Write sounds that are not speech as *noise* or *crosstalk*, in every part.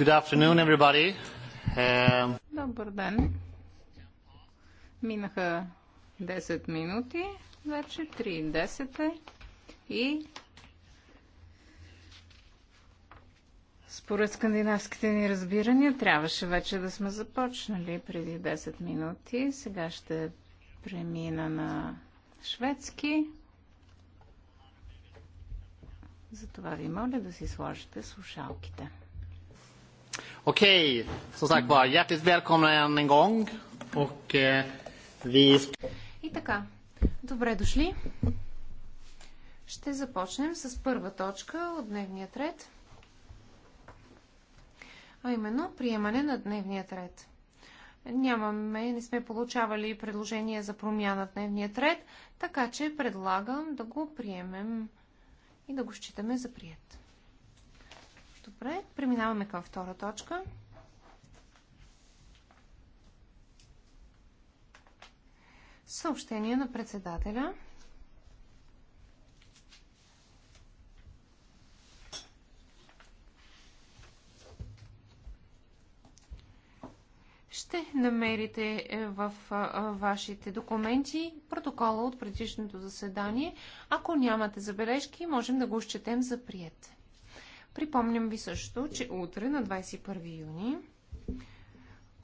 Good afternoon, everybody. Um, Добър ден. Минаха 10 минути, вече 3.10 и според скандинавските ни разбирания трябваше вече да сме започнали преди 10 минути. Сега ще премина на шведски. Затова ви моля да си сложите слушалките. Okej, som sagt var, hjärtligt välkomna än en gång. Och eh, vi... И така, добре дошли. Ще започнем с първа точка от дневния ред. А именно приемане на дневния ред. Нямаме, не сме получавали предложения за промяна в дневния ред, така че предлагам да го приемем и да го считаме за прият. Добре, преминаваме към втора точка. Съобщение на председателя. ще намерите е, в е, вашите документи протокола от предишното заседание. Ако нямате забележки, можем да го счетем за прият. Припомням ви също, че утре на 21 юни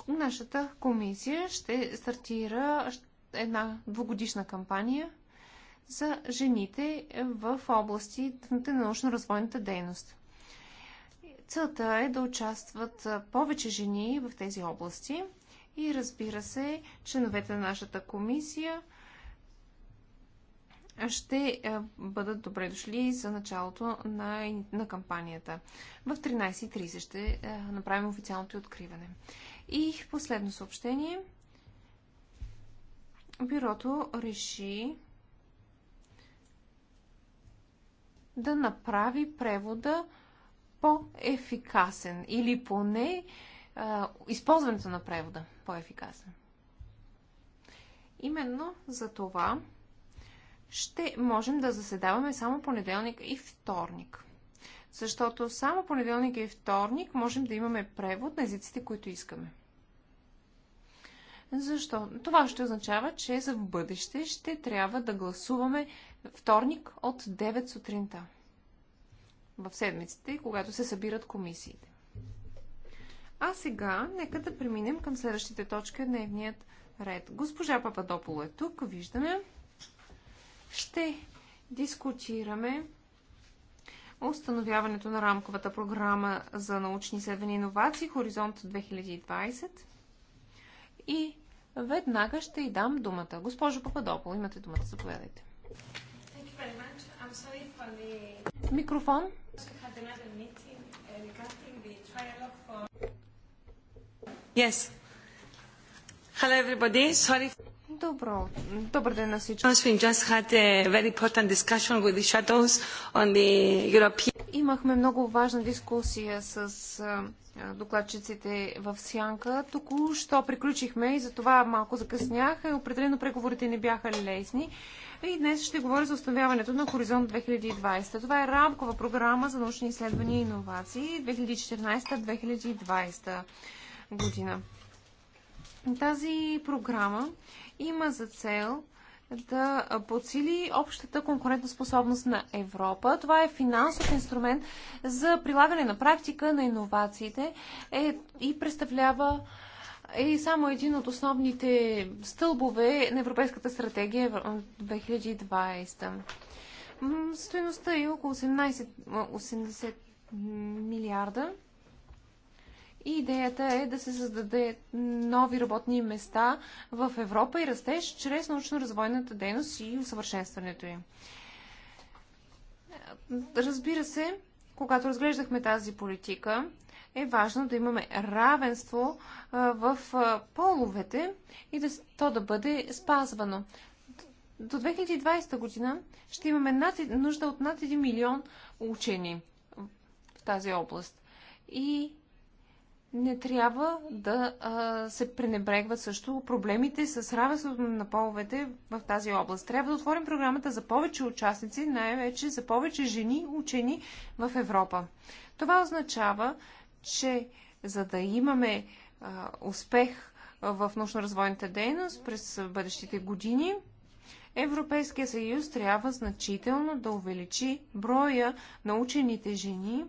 нашата комисия ще стартира една двугодишна кампания за жените в областите на научно-развойната дейност. Целта е да участват повече жени в тези области и разбира се, членовете на нашата комисия ще е, бъдат добре дошли за началото на, на кампанията. В 13.30 ще е, направим официалното откриване. И последно съобщение. Бюрото реши да направи превода по-ефикасен или поне а, е, използването на превода по-ефикасен. Именно за това ще можем да заседаваме само понеделник и вторник. Защото само понеделник и вторник можем да имаме превод на езиците, които искаме. Защо? Това ще означава, че за в бъдеще ще трябва да гласуваме вторник от 9 сутринта. В седмиците, когато се събират комисиите. А сега, нека да преминем към следващите точки от дневният ред. Госпожа Пападополо е тук, виждаме ще дискутираме установяването на рамковата програма за научни изследвания и иновации Хоризонт 2020 и веднага ще й дам думата. Госпожо Пападопол, имате думата, заповядайте. Микрофон. Uh, uh, yes. Hello everybody. Sorry. Добро. Добър ден на всички. Имахме много важна дискусия с докладчиците в Сянка. Току-що приключихме и затова малко закъснях. Е, определено преговорите не бяха лесни. И днес ще говоря за установяването на Хоризонт 2020. Това е рамкова програма за научни изследвания и иновации 2014-2020 година. Тази програма има за цел да подсили общата конкурентоспособност на Европа. Това е финансов инструмент за прилагане на практика на иновациите е, и представлява е само един от основните стълбове на Европейската стратегия 2020. Стоеността е около 18, 80 милиарда и идеята е да се създаде нови работни места в Европа и растеж чрез научно-развойната дейност и усъвършенстването им. Разбира се, когато разглеждахме тази политика, е важно да имаме равенство в половете и да, то да бъде спазвано. До 2020 година ще имаме над, нужда от над 1 милион учени в тази област. И не трябва да а, се пренебрегват също проблемите с равенството на половете в тази област. Трябва да отворим програмата за повече участници, най-вече за повече жени учени в Европа. Това означава, че за да имаме а, успех в научно-развойната дейност през бъдещите години, Европейския съюз трябва значително да увеличи броя на учените жени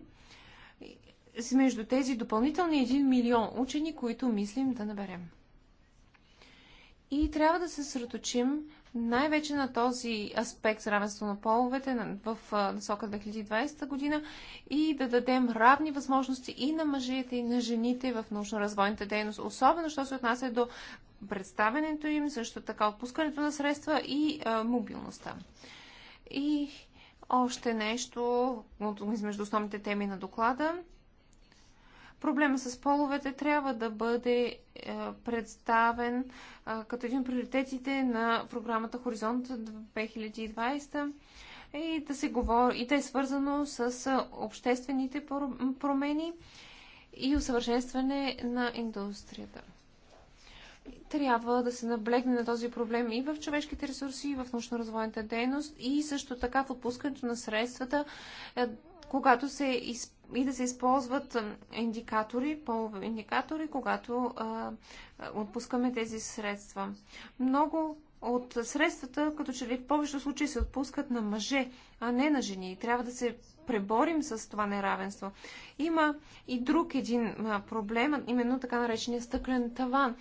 между тези допълнителни 1 милион учени, които мислим да наберем. И трябва да се сръточим най-вече на този аспект за равенство на половете в насока 2020 година и да дадем равни възможности и на мъжете, и на жените в научно-развойната дейност, особено що се отнася до представенето им, също така отпускането на средства и а, мобилността. И още нещо от, между основните теми на доклада Проблема с половете трябва да бъде е, представен е, като един от приоритетите на програмата Хоризонт 2020 и да се говори, и да е свързано с е, обществените промени и усъвършенстване на индустрията. Трябва да се наблегне на този проблем и в човешките ресурси, и в научно-развойната дейност, и също така в отпускането на средствата, когато се изпълнява и да се използват индикатори, полови индикатори, когато а, отпускаме тези средства. Много от средствата, като че ли в повечето случаи се отпускат на мъже, а не на жени. Трябва да се преборим с това неравенство. Има и друг един проблем, именно така наречения стъклен таван.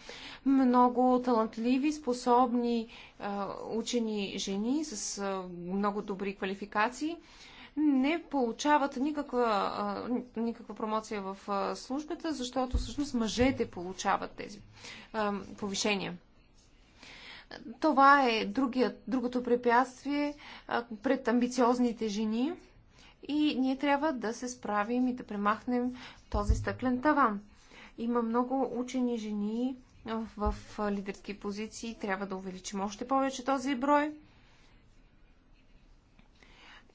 Много талантливи, способни учени жени с много добри квалификации не получават никаква, а, никаква промоция в а, службата, защото всъщност мъжете получават тези а, повишения. Това е другият, другото препятствие пред амбициозните жени и ние трябва да се справим и да премахнем този стъклен таван. Има много учени жени в лидерски позиции, трябва да увеличим още повече този брой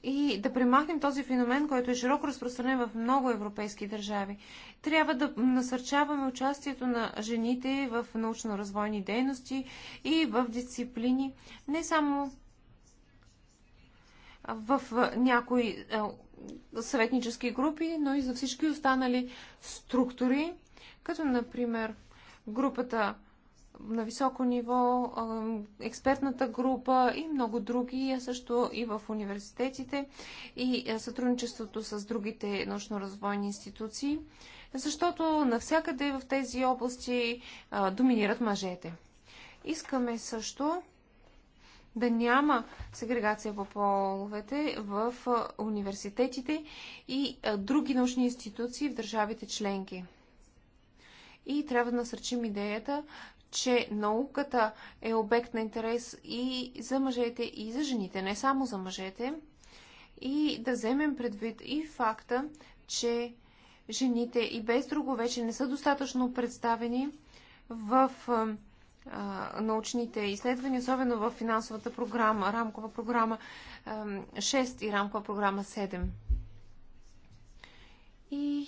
и да премахнем този феномен, който е широко разпространен в много европейски държави. Трябва да насърчаваме участието на жените в научно-развойни дейности и в дисциплини, не само в някои съветнически групи, но и за всички останали структури, като например групата на високо ниво, експертната група и много други, а също и в университетите и сътрудничеството с другите научно-развойни институции, защото навсякъде в тези области доминират мъжете. Искаме също да няма сегрегация по половете в университетите и други научни институции в държавите членки. И трябва да насърчим идеята, че науката е обект на интерес и за мъжете, и за жените, не само за мъжете. И да вземем предвид и факта, че жените и без друго вече не са достатъчно представени в научните изследвания, особено в финансовата програма, рамкова програма 6 и рамкова програма 7. И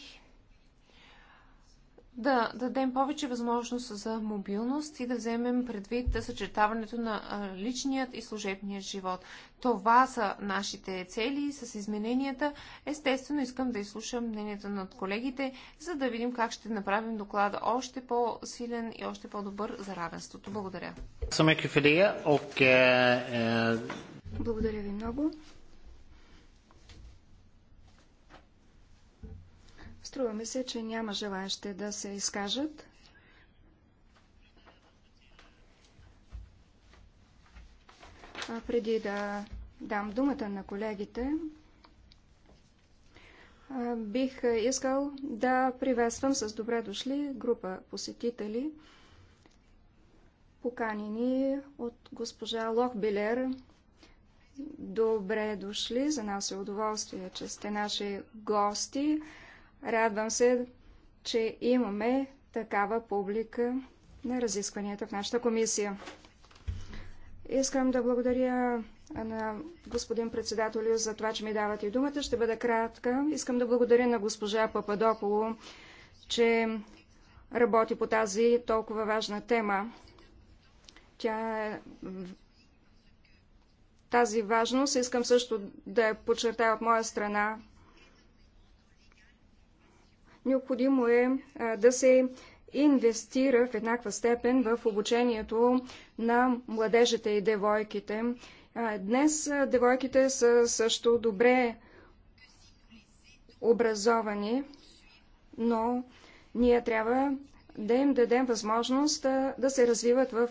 да дадем повече възможност за мобилност и да вземем предвид съчетаването на личният и служебният живот. Това са нашите цели с измененията. Естествено, искам да изслушам мнението над колегите, за да видим как ще направим доклада още по-силен и още по-добър за равенството. Благодаря. Благодаря ви много. Струва ми се, че няма желаящи да се изкажат. А преди да дам думата на колегите, бих искал да приветствам с добре дошли група посетители, поканени от госпожа Лохбилер. Добре дошли, за нас е удоволствие, че сте наши гости. Радвам се, че имаме такава публика на разискванията в нашата комисия. Искам да благодаря на господин председателю за това, че ми давате думата. Ще бъда кратка. Искам да благодаря на госпожа Пападополо, че работи по тази толкова важна тема. Тя е... Тази важност искам също да я подчертая от моя страна, Необходимо е да се инвестира в еднаква степен в обучението на младежите и девойките. Днес девойките са също добре образовани, но ние трябва да им дадем възможност да се развиват в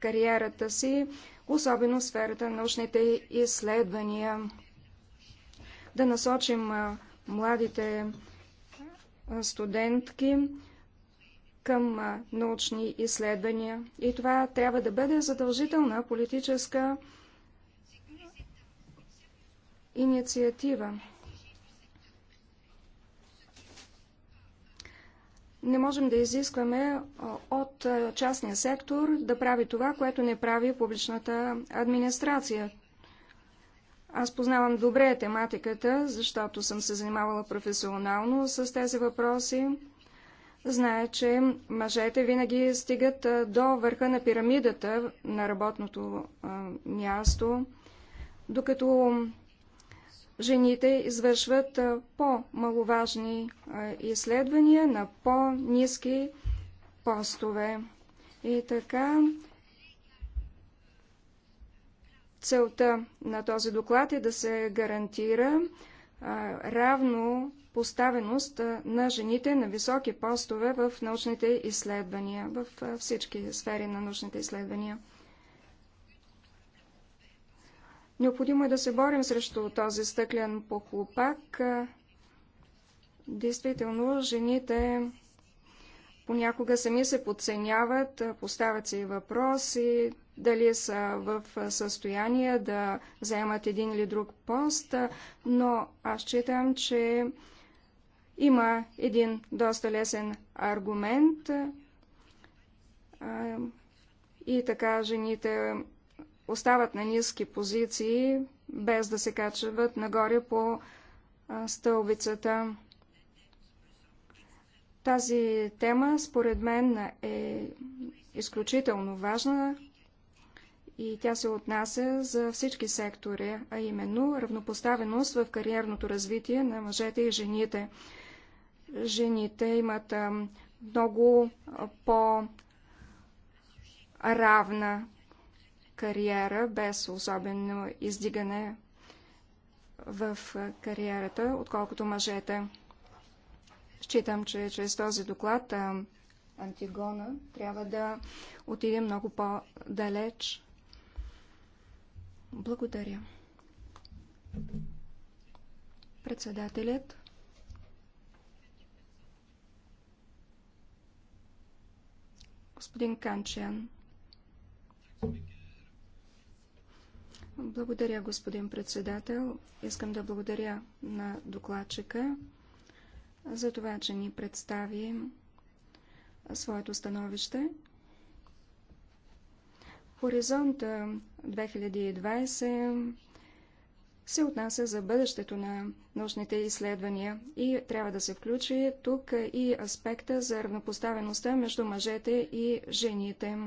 кариерата си, особено в сферата на научните изследвания. Да насочим младите студентки към научни изследвания. И това трябва да бъде задължителна политическа инициатива. Не можем да изискваме от частния сектор да прави това, което не прави публичната администрация. Аз познавам добре тематиката, защото съм се занимавала професионално с тези въпроси. Зная, че мъжете винаги стигат до върха на пирамидата на работното място, докато жените извършват по-маловажни изследвания на по-низки постове. И така Целта на този доклад е да се гарантира равно поставеност на жените на високи постове в научните изследвания, в всички сфери на научните изследвания. Необходимо е да се борим срещу този стъклен похлопак. Действително, жените понякога сами се подценяват, поставят си въпроси, дали са в състояние да заемат един или друг пост, но аз считам, че има един доста лесен аргумент и така жените остават на ниски позиции, без да се качват нагоре по стълбицата. Тази тема, според мен, е изключително важна и тя се отнася за всички сектори, а именно равнопоставеност в кариерното развитие на мъжете и жените. Жените имат много по-равна кариера, без особено издигане в кариерата, отколкото мъжете. Считам, че чрез този доклад Антигона трябва да отиде много по-далеч благодаря. Председателят господин Канчен. Благодаря, господин председател. Искам да благодаря на докладчика за това, че ни представи своето становище. Хоризонт 2020 се отнася за бъдещето на научните изследвания и трябва да се включи тук и аспекта за равнопоставеността между мъжете и жените.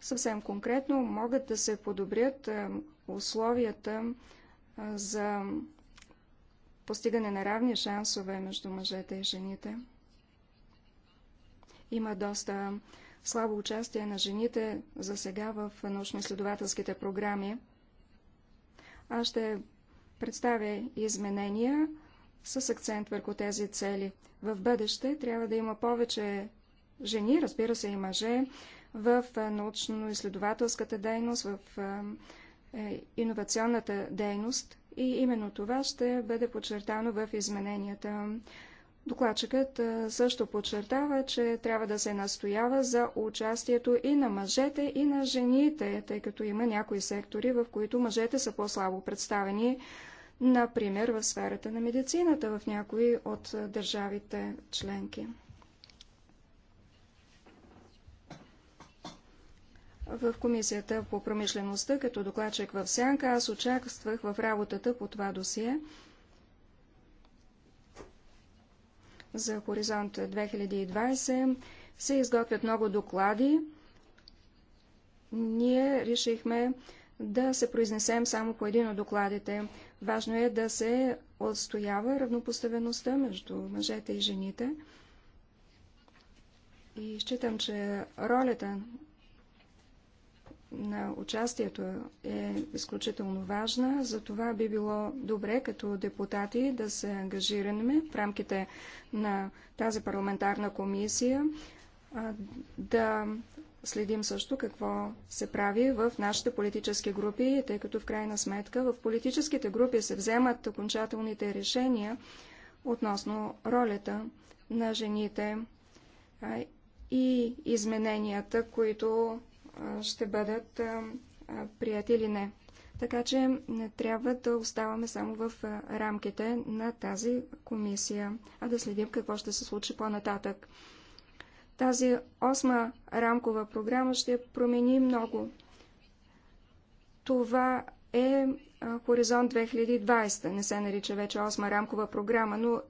Съвсем конкретно могат да се подобрят условията за постигане на равни шансове между мъжете и жените. Има доста слабо участие на жените за сега в научно-изследователските програми. Аз ще представя изменения с акцент върху тези цели. В бъдеще трябва да има повече жени, разбира се и мъже, в научно-изследователската дейност, в е, иновационната дейност. И именно това ще бъде подчертано в измененията. Докладчикът също подчертава, че трябва да се настоява за участието и на мъжете, и на жените, тъй като има някои сектори, в които мъжете са по-слабо представени, например в сферата на медицината в някои от държавите членки. В Комисията по промишлеността, като докладчик в Сянка, аз участвах в работата по това досие – за Хоризонт 2020. Се изготвят много доклади. Ние решихме да се произнесем само по един от докладите. Важно е да се отстоява равнопоставеността между мъжете и жените. И считам, че ролята на участието е изключително важна. За това би било добре като депутати да се ангажираме в рамките на тази парламентарна комисия да следим също какво се прави в нашите политически групи, тъй като в крайна сметка в политическите групи се вземат окончателните решения относно ролята на жените и измененията, които ще бъдат прияти или не. Така че не трябва да оставаме само в рамките на тази комисия, а да следим какво ще се случи по-нататък. Тази осма рамкова програма ще промени много. Това е Хоризонт 2020. Не се нарича вече осма рамкова програма, но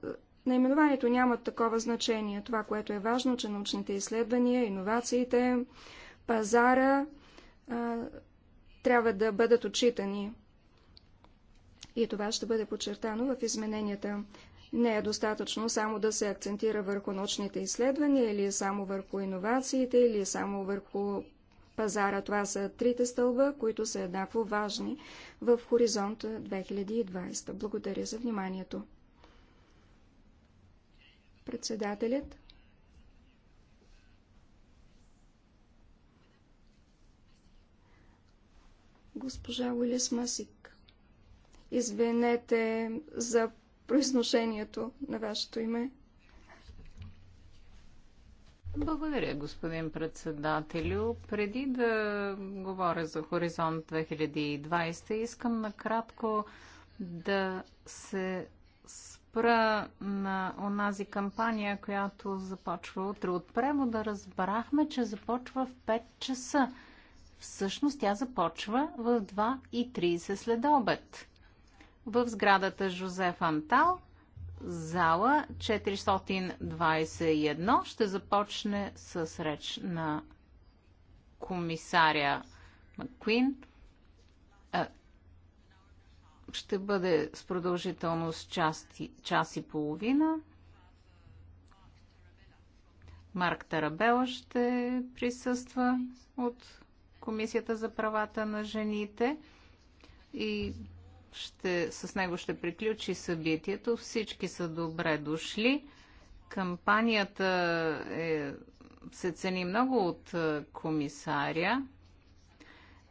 наименованието няма такова значение. Това, което е важно, че научните изследвания, иновациите, пазара а, трябва да бъдат отчитани. И това ще бъде подчертано в измененията. Не е достатъчно само да се акцентира върху научните изследвания или само върху иновациите или само върху пазара. Това са трите стълба, които са еднакво важни в хоризонт 2020. Благодаря за вниманието. Председателят Госпожа Уилис Масик. Извинете за произношението на вашето име. Благодаря, господин председателю. Преди да говоря за Хоризонт 2020, искам накратко да се спра на онази кампания, която започва утре. От превода разбрахме, че започва в 5 часа. Всъщност тя започва в 2.30 след обед. В сградата Жозеф Антал, зала 421, ще започне с реч на комисаря Маккуин. Ще бъде с продължителност час, час и половина. Марк Тарабела ще присъства от Комисията за правата на жените и ще, с него ще приключи събитието. Всички са добре дошли. Кампанията е, се цени много от комисаря.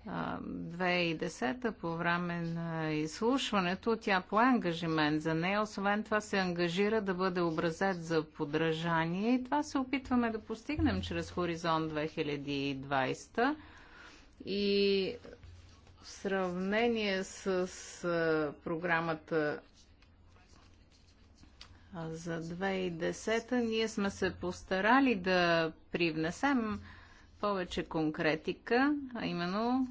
2010 по време на изслушването тя пое ангажимент за нея. Освен това се ангажира да бъде образец за подражание и това се опитваме да постигнем чрез Хоризонт 2020 и в сравнение с програмата за 2010 ние сме се постарали да привнесем повече конкретика, а именно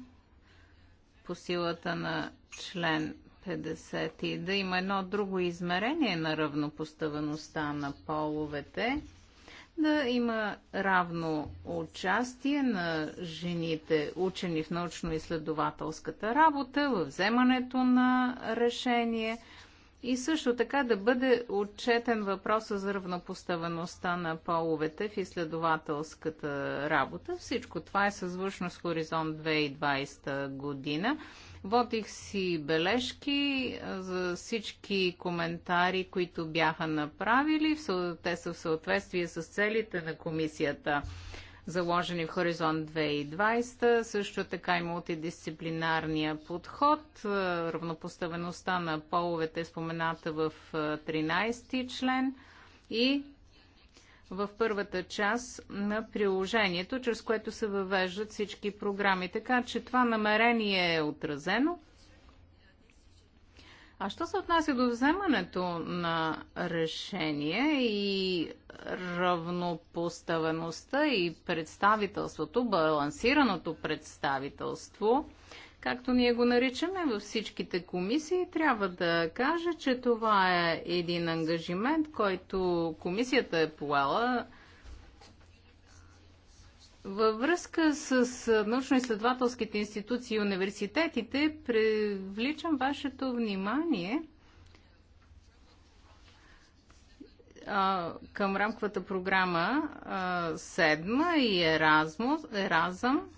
по силата на член 50 и да има едно друго измерение на равнопоставеността на половете – да има равно участие на жените учени в научно-изследователската работа, в вземането на решение и също така да бъде отчетен въпроса за равнопоставеността на половете в изследователската работа. Всичко това е съзвършно с Хоризонт 2020 година. Водих си бележки за всички коментари, които бяха направили. Те са в съответствие с целите на комисията, заложени в Хоризонт 2020. Също така и мултидисциплинарния подход, равнопоставеността на половете, спомената в 13 ти член и в първата част на приложението, чрез което се въвеждат всички програми. Така че това намерение е отразено. А що се отнася до вземането на решение и равнопоставеността и представителството, балансираното представителство, както ние го наричаме във всичките комисии, трябва да кажа, че това е един ангажимент, който комисията е поела във връзка с научно-изследователските институции и университетите, привличам вашето внимание към рамковата програма 7 и Еразъм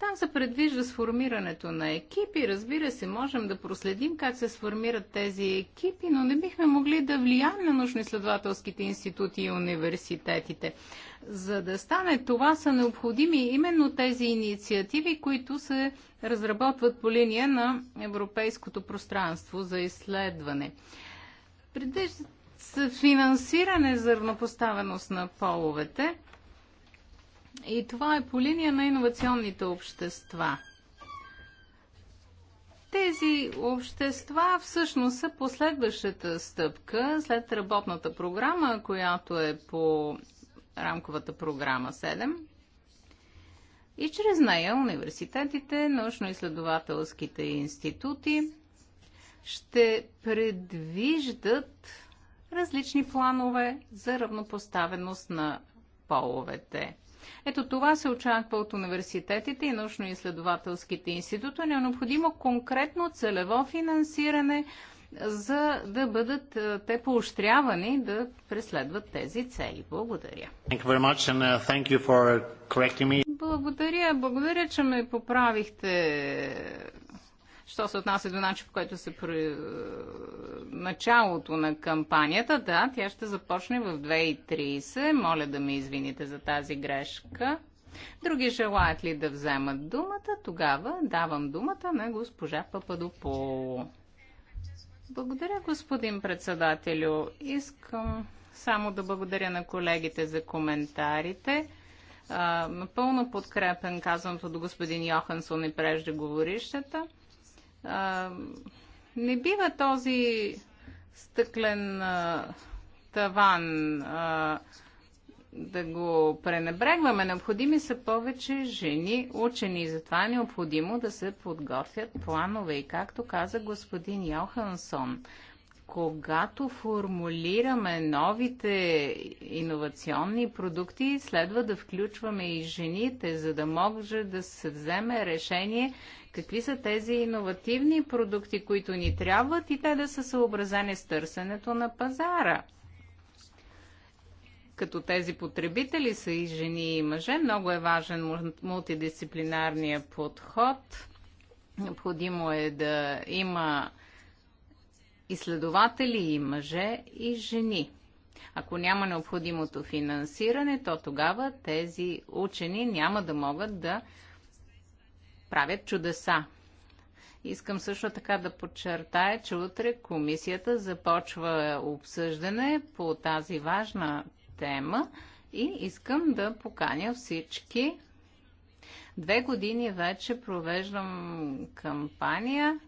там се предвижда сформирането на екипи. Разбира се, можем да проследим как се сформират тези екипи, но не бихме могли да влияем на научно-изследователските институти и университетите. За да стане това са необходими именно тези инициативи, които се разработват по линия на Европейското пространство за изследване. се финансиране за равнопоставеност на половете – и това е по линия на иновационните общества. Тези общества всъщност са последващата стъпка след работната програма, която е по рамковата програма 7. И чрез нея университетите, научно-изследователските институти ще предвиждат различни планове за равнопоставеност на половете. Ето това се очаква от университетите и научно-изследователските институти. Не е необходимо конкретно целево финансиране, за да бъдат е, те поощрявани да преследват тези цели. Благодаря. Благодаря, благодаря, че ме поправихте Що се отнася до начин, по който се при... Е, началото на кампанията, да, тя ще започне в 2.30. Моля да ме извините за тази грешка. Други желаят ли да вземат думата? Тогава давам думата на госпожа Пападополо. Благодаря, господин председателю. Искам само да благодаря на колегите за коментарите. Е, напълно подкрепен казаното до господин Йохансон и преждеговорищата. А, не бива този стъклен а, таван а, да го пренебрегваме. Необходими са повече жени учени. Затова е необходимо да се подготвят планове. И както каза господин Йохансон, когато формулираме новите иновационни продукти, следва да включваме и жените, за да може да се вземе решение какви са тези иновативни продукти, които ни трябват и те да са съобразени с търсенето на пазара. Като тези потребители са и жени и мъже, много е важен мултидисциплинарния подход. Необходимо е да има изследователи и мъже и жени. Ако няма необходимото финансиране, то тогава тези учени няма да могат да правят чудеса. Искам също така да подчертая, че утре комисията започва обсъждане по тази важна тема и искам да поканя всички. Две години вече провеждам кампания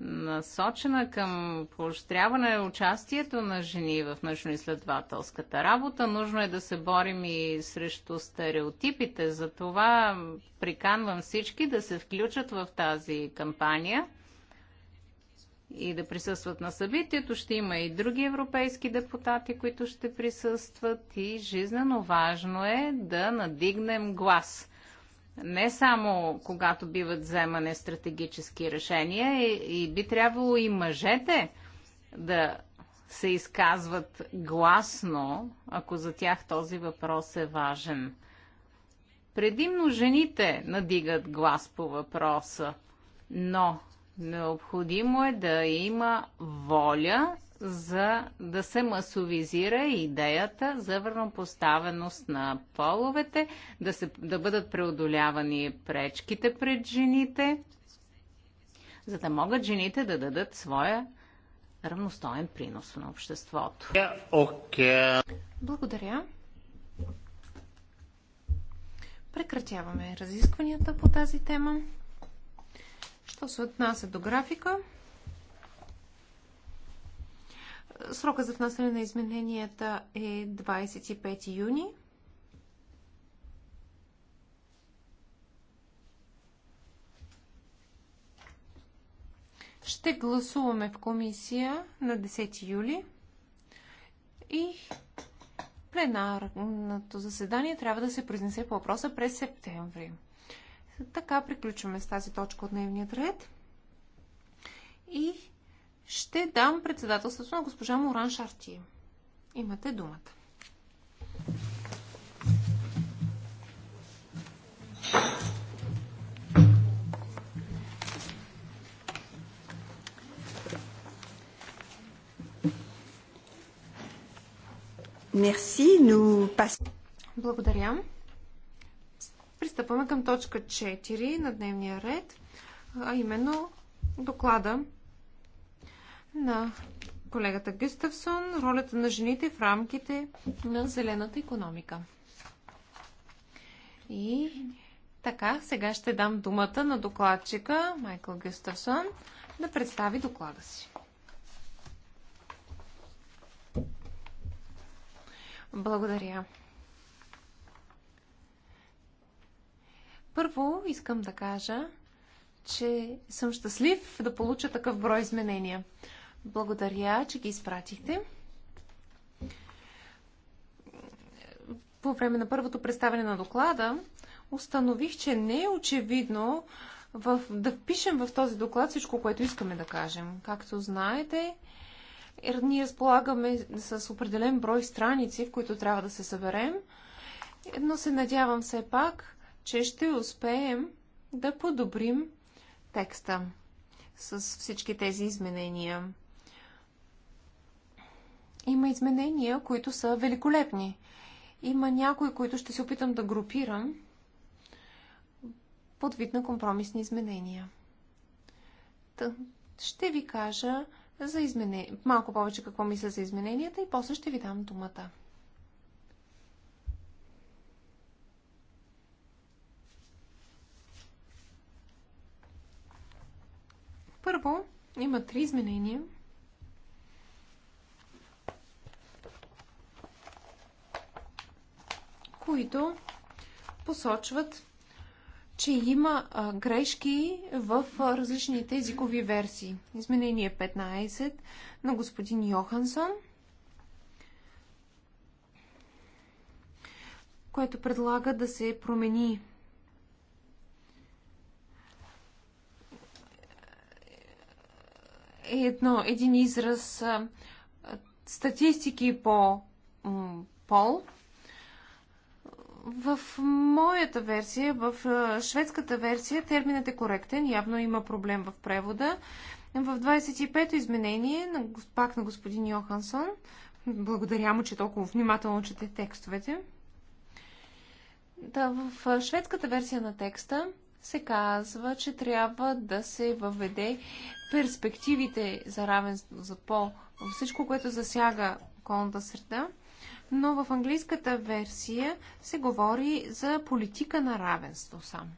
насочена към поощряване участието на жени в научно-изследователската работа. Нужно е да се борим и срещу стереотипите. Затова приканвам всички да се включат в тази кампания и да присъстват на събитието. Ще има и други европейски депутати, които ще присъстват и жизнено важно е да надигнем глас – не само когато биват вземане стратегически решения, и, е, и би трябвало и мъжете да се изказват гласно, ако за тях този въпрос е важен. Предимно жените надигат глас по въпроса, но необходимо е да има воля за да се масовизира идеята за върнопоставеност на половете, да, се, да бъдат преодолявани пречките пред жените, за да могат жените да дадат своя равностоен принос на обществото. Okay. Благодаря. Прекратяваме разискванията по тази тема. Що се отнася до графика, Срока за внасяне на измененията е 25 юни. Ще гласуваме в комисия на 10 юли и пленарното заседание трябва да се произнесе по въпроса през септември. Така приключваме с тази точка от дневния ред. И ще дам председателството на госпожа Моран Шарти. Имате думата. Мерси, но пас... Благодаря. Пристъпваме към точка 4 на дневния ред, а именно доклада на колегата Гюставсон ролята на жените в рамките на зелената економика. И така, сега ще дам думата на докладчика Майкъл Гюставсон да представи доклада си. Благодаря. Първо искам да кажа, че съм щастлив да получа такъв брой изменения. Благодаря, че ги изпратихте. По време на първото представяне на доклада установих, че не е очевидно в, да впишем в този доклад всичко, което искаме да кажем. Както знаете, ние разполагаме с определен брой страници, в които трябва да се съберем, но се надявам все пак, че ще успеем да подобрим текста с всички тези изменения. Има изменения, които са великолепни. Има някои, които ще се опитам да групирам под вид на компромисни изменения. Та, ще ви кажа за измене... малко повече какво мисля за измененията и после ще ви дам думата. Първо, има три изменения – които посочват, че има грешки в различните езикови версии. Изменение 15 на господин Йохансон, което предлага да се промени е, едно, един израз статистики по пол – в моята версия, в шведската версия, терминът е коректен. Явно има проблем в превода. В 25-то изменение, пак на господин Йохансон, благодаря му, че толкова внимателно чете текстовете. Да, в шведската версия на текста се казва, че трябва да се въведе перспективите за равенство за по всичко, което засяга околната среда – но в английската версия се говори за политика на равенство сам.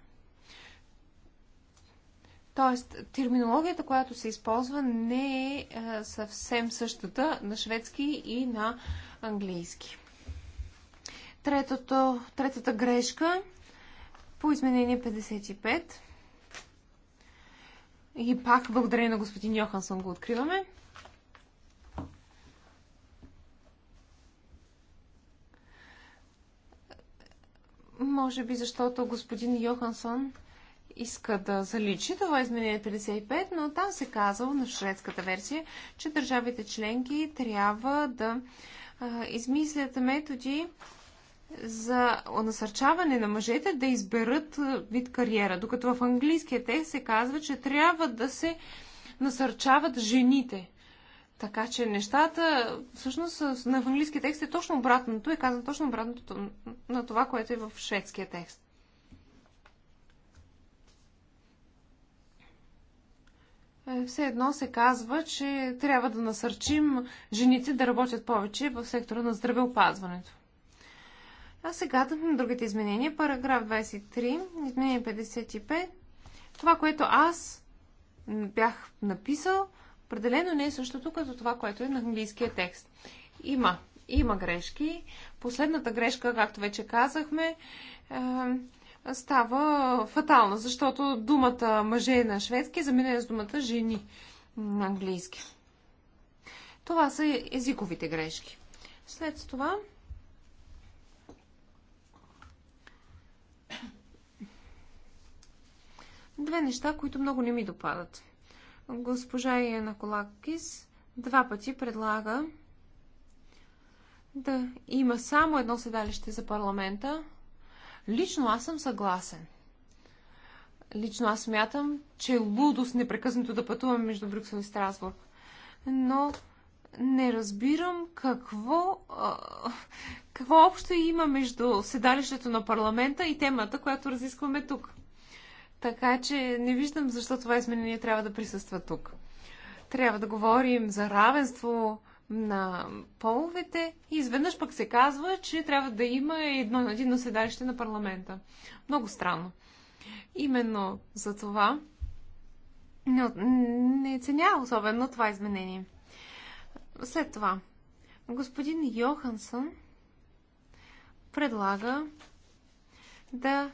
Тоест, терминологията, която се използва, не е, е съвсем същата на шведски и на английски. Третото, третата грешка по изменение 55. И пак благодарение на господин Йохансон го откриваме. Може би защото господин Йохансон иска да заличи това изменение 55, но там се казва на шведската версия, че държавите членки трябва да а, измислят методи за насърчаване на мъжете да изберат вид кариера, докато в английския текст се казва, че трябва да се насърчават жените. Така че нещата, всъщност на английски текст е точно обратното, е казано точно обратното на това, което е в шведския текст. Е, все едно се казва, че трябва да насърчим жените да работят повече в сектора на здравеопазването. А сега на другите изменения. Параграф 23, изменение 55. Това, което аз бях написал, определено не е същото като това, което е на английския текст. Има, има грешки. Последната грешка, както вече казахме, става фатална, защото думата мъже е на шведски заменя с думата жени на английски. Това са езиковите грешки. След това две неща, които много не ми допадат. Госпожа Яна Колакис два пъти предлага да има само едно седалище за парламента. Лично аз съм съгласен. Лично аз смятам, че е лудост непрекъснато да пътуваме между Брюксел и Страсбург. Но не разбирам какво, а, какво общо има между седалището на парламента и темата, която разискваме тук. Така че не виждам защо това изменение трябва да присъства тук. Трябва да говорим за равенство на половете и изведнъж пък се казва, че трябва да има едно, едно седалище на парламента. Много странно. Именно за това не, не ценя особено това изменение. След това, господин Йохансън предлага да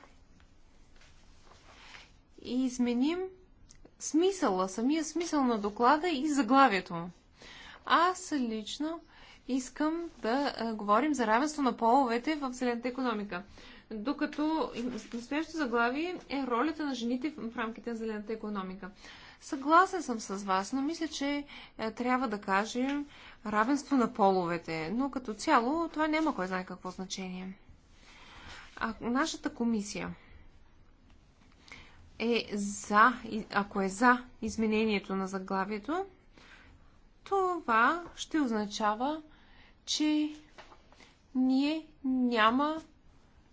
и изменим смисъла, самия смисъл на доклада и заглавието му. Аз лично искам да говорим за равенство на половете в зелената економика. Докато настоящото заглавие е ролята на жените в рамките на зелената економика. Съгласен съм с вас, но мисля, че трябва да кажем равенство на половете. Но като цяло това няма кой знае какво значение. А нашата комисия е за, ако е за изменението на заглавието, това ще означава, че ние няма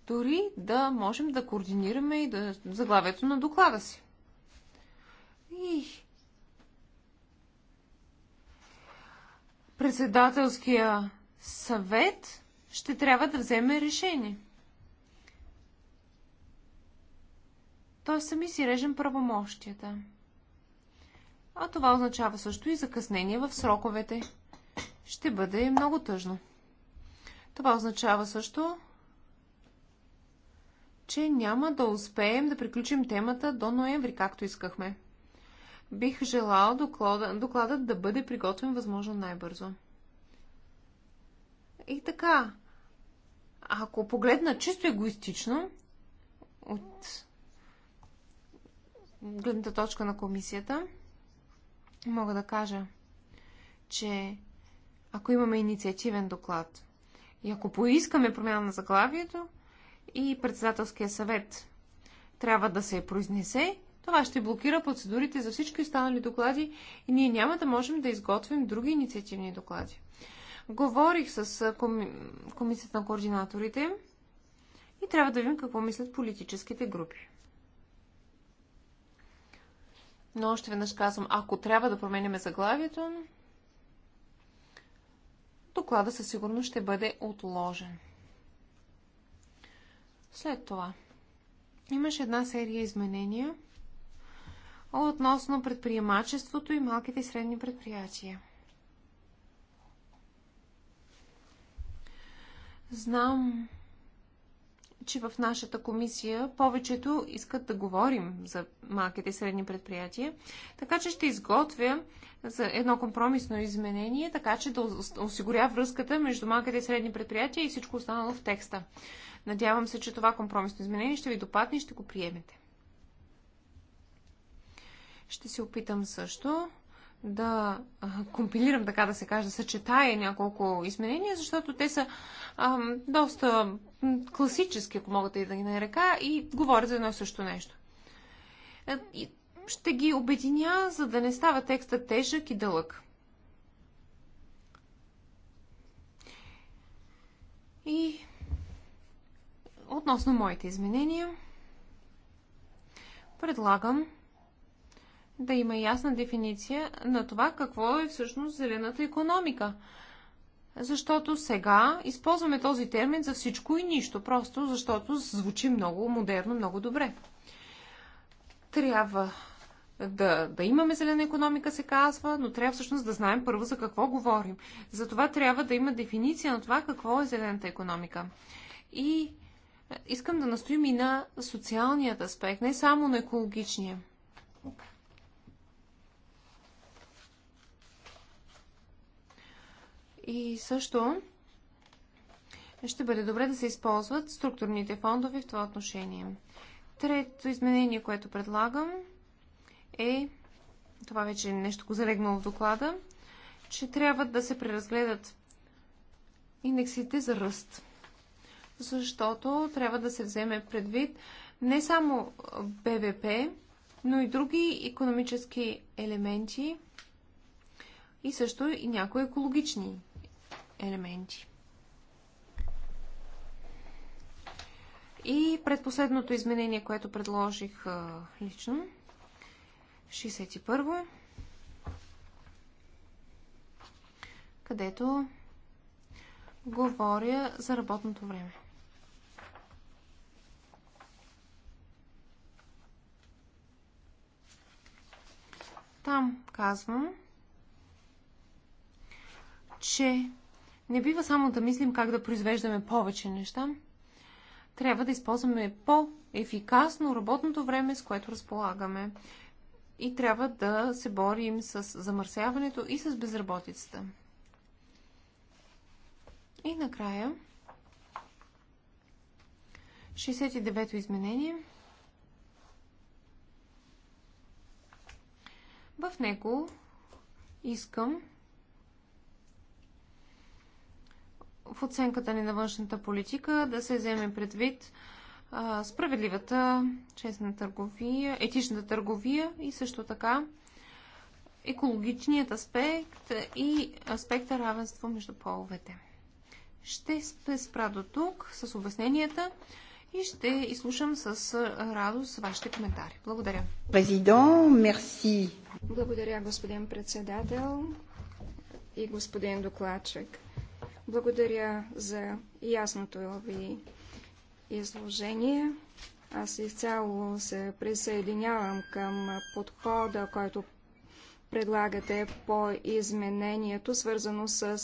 дори да можем да координираме и да заглавието на доклада си. И председателския съвет ще трябва да вземе решение. т.е. сами си режем правомощията. А това означава също и закъснение в сроковете. Ще бъде много тъжно. Това означава също, че няма да успеем да приключим темата до ноември, както искахме. Бих желал доклада, докладът да бъде приготвен възможно най-бързо. И така, ако погледна чисто егоистично, от гледната точка на комисията, мога да кажа, че ако имаме инициативен доклад и ако поискаме промяна на заглавието и председателския съвет трябва да се произнесе, това ще блокира процедурите за всички останали доклади и ние няма да можем да изготвим други инициативни доклади. Говорих с комисията на координаторите и трябва да видим какво мислят политическите групи. Но още веднъж казвам, ако трябва да променяме заглавието, доклада със сигурност ще бъде отложен. След това имаше една серия изменения относно предприемачеството и малките и средни предприятия. Знам, че в нашата комисия повечето искат да говорим за малките и средни предприятия, така че ще изготвя за едно компромисно изменение, така че да осигуря връзката между малките и средни предприятия и всичко останало в текста. Надявам се, че това компромисно изменение ще ви допадне и ще го приемете. Ще се опитам също да компилирам, така да се каже, да съчетая няколко изменения, защото те са а, доста класически, ако мога да ги нарека, и говорят за едно и също нещо. Е, ще ги обединя, за да не става текста тежък и дълъг. И относно моите изменения, предлагам да има ясна дефиниция на това какво е всъщност зелената економика. Защото сега използваме този термин за всичко и нищо, просто защото звучи много модерно, много добре. Трябва да, да имаме зелена економика, се казва, но трябва всъщност да знаем първо за какво говорим. Затова трябва да има дефиниция на това какво е зелената економика. И искам да настоим и на социалният аспект, не само на екологичния. И също ще бъде добре да се използват структурните фондове в това отношение. Трето изменение, което предлагам е, това вече е нещо го залегнало в доклада, че трябва да се преразгледат индексите за ръст. Защото трябва да се вземе предвид не само БВП, но и други економически елементи и също и някои екологични елементи. И предпоследното изменение, което предложих лично, 61 където говоря за работното време. Там казвам, че не бива само да мислим как да произвеждаме повече неща. Трябва да използваме по-ефикасно работното време, с което разполагаме. И трябва да се борим с замърсяването и с безработицата. И накрая 69-то изменение. В него искам в оценката ни на външната политика да се вземе предвид а, справедливата, честна търговия, етичната търговия и също така екологичният аспект и аспекта равенство между половете. Ще се спра до тук с обясненията и ще изслушам с радост вашите коментари. Благодаря. Президент, мерси. Благодаря, господин председател и господин докладчик. Благодаря за ясното ви изложение. Аз изцяло се присъединявам към подхода, който предлагате по изменението, свързано с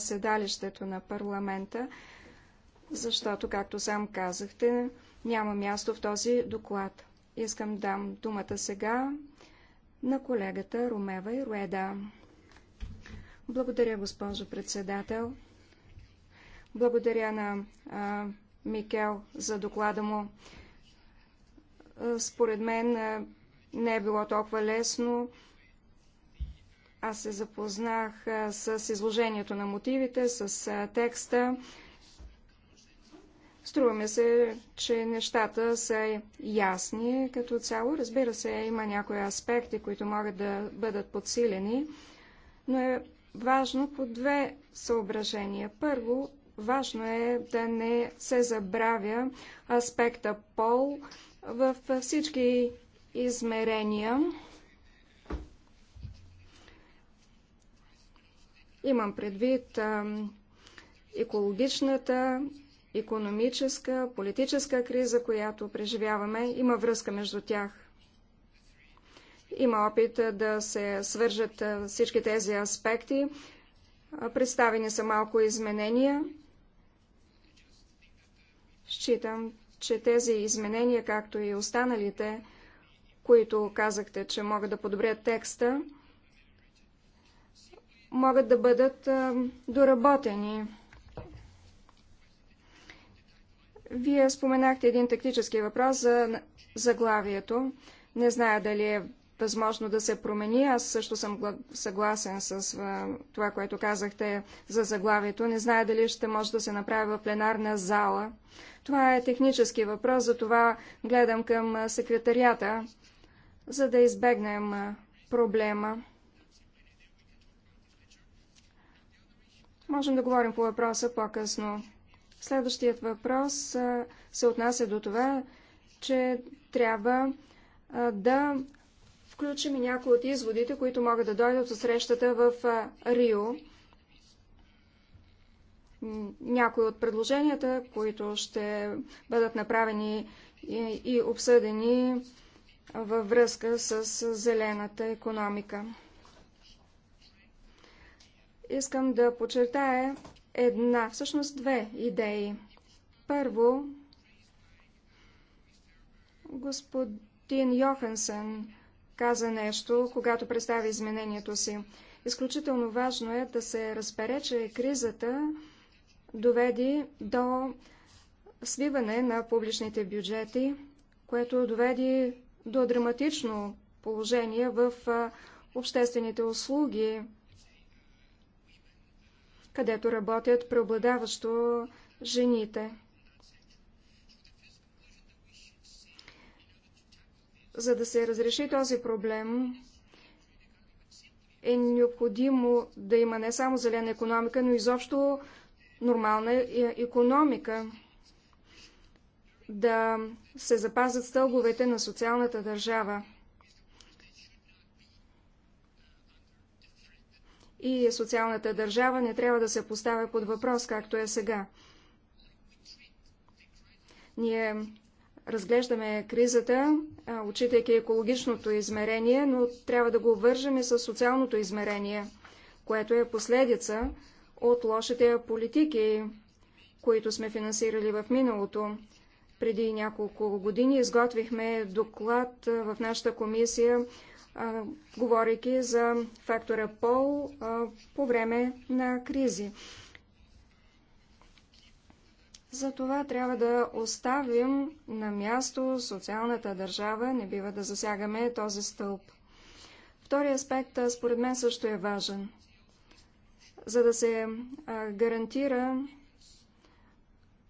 седалището на парламента, защото, както сам казахте, няма място в този доклад. Искам да дам думата сега на колегата Ромева и Руеда. Благодаря, госпожо председател. Благодаря на а, Микел за доклада му. Според мен не е било толкова лесно. Аз се запознах с изложението на мотивите, с текста. Струваме се, че нещата са ясни като цяло. Разбира се, има някои аспекти, които могат да бъдат подсилени, но е важно по две съображения. Първо, Важно е да не се забравя аспекта пол във всички измерения. Имам предвид екологичната, економическа, политическа криза, която преживяваме. Има връзка между тях. Има опит да се свържат всички тези аспекти. Представени са малко изменения. Считам, че тези изменения, както и останалите, които казахте, че могат да подобрят текста, могат да бъдат доработени. Вие споменахте един тактически въпрос за заглавието. Не зная дали е възможно да се промени. Аз също съм съгласен с това, което казахте за заглавието. Не зная дали ще може да се направи в пленарна зала. Това е технически въпрос, за това гледам към секретарията, за да избегнем проблема. Можем да говорим по въпроса по-късно. Следващият въпрос се отнася до това, че трябва да включим и някои от изводите, които могат да дойдат от срещата в Рио някои от предложенията, които ще бъдат направени и, обсъдени във връзка с зелената економика. Искам да подчертая една, всъщност две идеи. Първо, господин Йохансен каза нещо, когато представи изменението си. Изключително важно е да се разбере, че кризата доведе до свиване на публичните бюджети, което доведе до драматично положение в обществените услуги, където работят преобладаващо жените. За да се разреши този проблем, е необходимо да има не само зелена економика, но изобщо нормална е, економика, да се запазят стълбовете на социалната държава. И социалната държава не трябва да се поставя под въпрос, както е сега. Ние разглеждаме кризата, отчитайки екологичното измерение, но трябва да го обвържем и с социалното измерение, което е последица от лошите политики, които сме финансирали в миналото. Преди няколко години изготвихме доклад в нашата комисия, а, говорейки за фактора пол по време на кризи. Затова трябва да оставим на място социалната държава, не бива да засягаме този стълб. Втори аспект, според мен, също е важен – за да се гарантира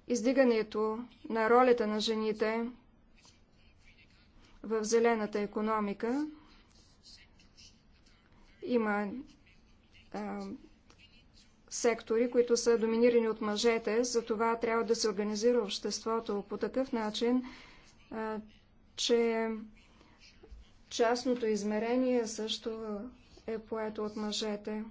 издигането на ролята на жените в зелената економика. Има а, сектори, които са доминирани от мъжете, затова трябва да се организира обществото по такъв начин, а, че частното измерение също е поето от мъжете.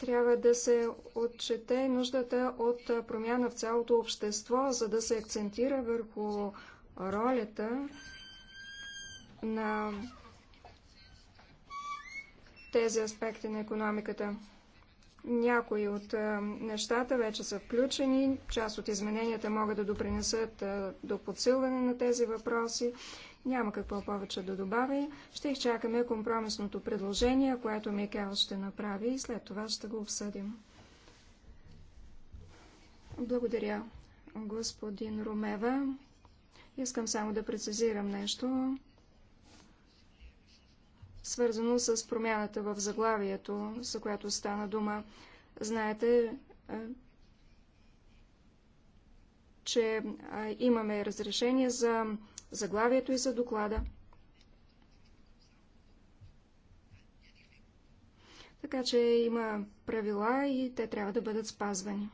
трябва да се отчете нуждата от промяна в цялото общество, за да се акцентира върху ролята на тези аспекти на економиката. Някои от нещата вече са включени, част от измененията могат да допринесат до подсилване на тези въпроси. Няма какво повече да добавя. Ще изчакаме компромисното предложение, което Микел ще направи и след това ще го обсъдим. Благодаря, господин Ромева. Искам само да прецизирам нещо, свързано с промяната в заглавието, за което стана дума. Знаете, че имаме разрешение за заглавието и за доклада. Така че има правила и те трябва да бъдат спазвани.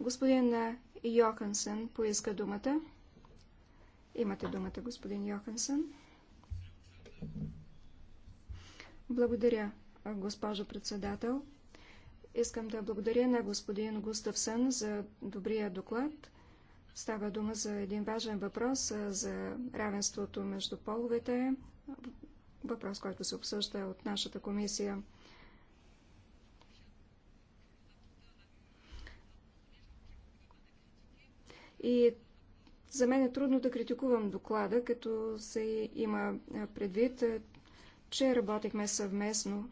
Господин Йохансен поиска думата. Имате думата, господин Йохансен. Благодаря, госпожо председател. Искам да благодаря на господин Густавсън за добрия доклад. Става дума за един важен въпрос за равенството между половете, въпрос, който се обсъжда от нашата комисия. И за мен е трудно да критикувам доклада, като се има предвид, че работихме съвместно.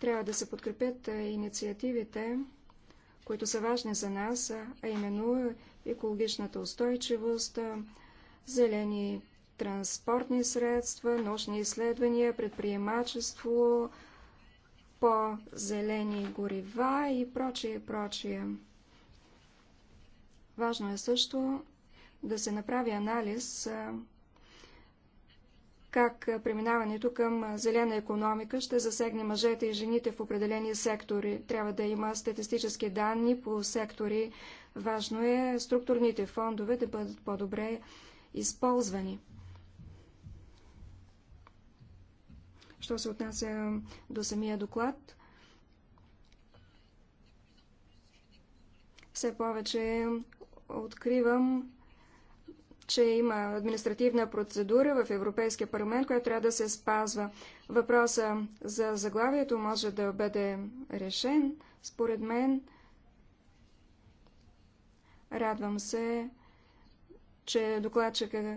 Трябва да се подкрепят инициативите, които са важни за нас, а именно екологичната устойчивост, зелени транспортни средства, научни изследвания, предприемачество, по-зелени горива и прочие, прочие. Важно е също да се направи анализ как преминаването към зелена економика ще засегне мъжете и жените в определени сектори. Трябва да има статистически данни по сектори. Важно е структурните фондове да бъдат по-добре използвани. Що се отнася до самия доклад, все повече откривам че има административна процедура в Европейския парламент, която трябва да се спазва. Въпроса за заглавието може да бъде решен. Според мен, радвам се, че докладчика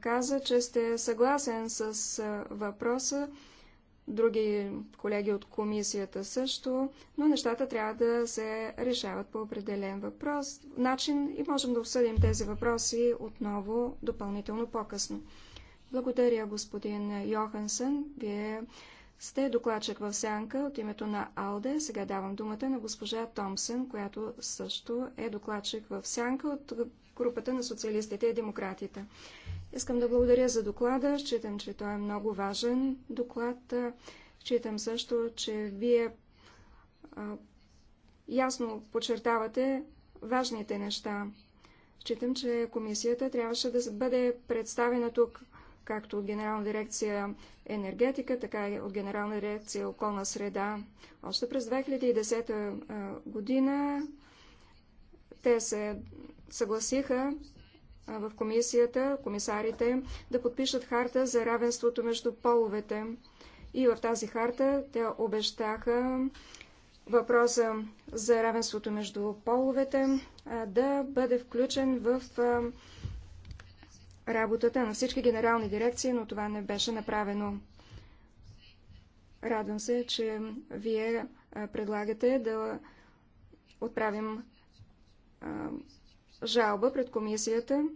каза, че сте съгласен с въпроса други колеги от комисията също, но нещата трябва да се решават по определен въпрос, начин и можем да обсъдим тези въпроси отново допълнително по-късно. Благодаря, господин Йохансън. Вие сте докладчик в сянка от името на Алде. Сега давам думата на госпожа Томсън, която също е докладчик в сянка от групата на социалистите и демократите. Искам да благодаря за доклада. Считам, че той е много важен доклад. Считам също, че вие а, ясно подчертавате важните неща. Считам, че комисията трябваше да бъде представена тук както от Генерална дирекция енергетика, така и от Генерална дирекция околна среда. Още през 2010 година те се съгласиха в комисията, комисарите, да подпишат харта за равенството между половете. И в тази харта те обещаха въпроса за равенството между половете да бъде включен в работата на всички генерални дирекции, но това не беше направено. Радвам се, че вие предлагате да отправим жалба пред комисията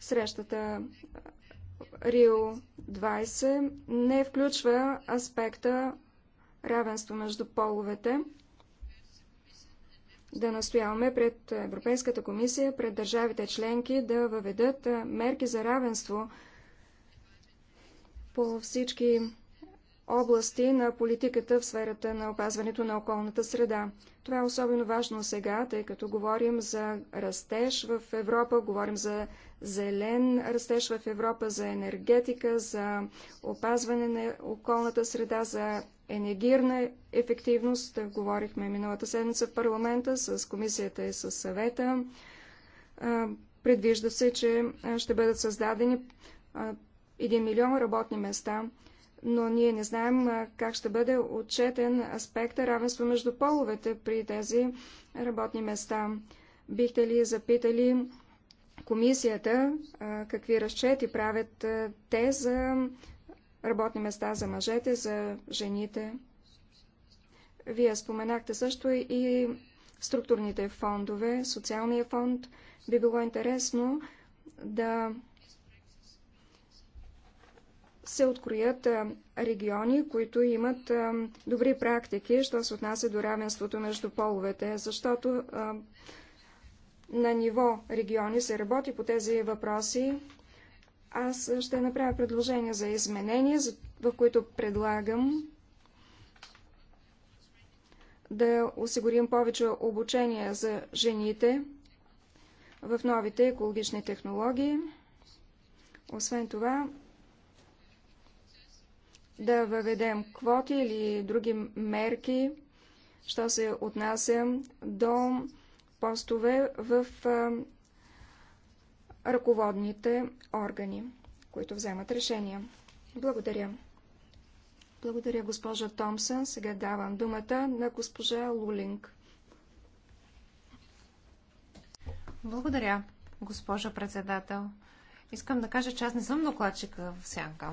срещата Рио 20 не включва аспекта равенство между половете. Да настояваме пред Европейската комисия, пред държавите членки да въведат мерки за равенство по всички области на политиката в сферата на опазването на околната среда. Това е особено важно сега, тъй като говорим за растеж в Европа, говорим за зелен растеж в Европа, за енергетика, за опазване на околната среда, за енергирна ефективност. Говорихме миналата седмица в парламента с комисията и с съвета. Предвижда се, че ще бъдат създадени 1 милион работни места – но ние не знаем как ще бъде отчетен аспекта равенство между половете при тези работни места. Бихте ли запитали комисията какви разчети правят те за работни места за мъжете, за жените? Вие споменахте също и структурните фондове, социалния фонд. Би било интересно да се откроят региони, които имат добри практики, що се отнася до равенството между половете, защото на ниво региони се работи по тези въпроси. Аз ще направя предложение за изменения, в които предлагам да осигурим повече обучение за жените в новите екологични технологии. Освен това, да въведем квоти или други мерки, що се отнася до постове в ръководните органи, които вземат решения. Благодаря. Благодаря, госпожа Томсън. Сега давам думата на госпожа Лулинг. Благодаря, госпожа председател. Искам да кажа, че аз не съм докладчика в сянка.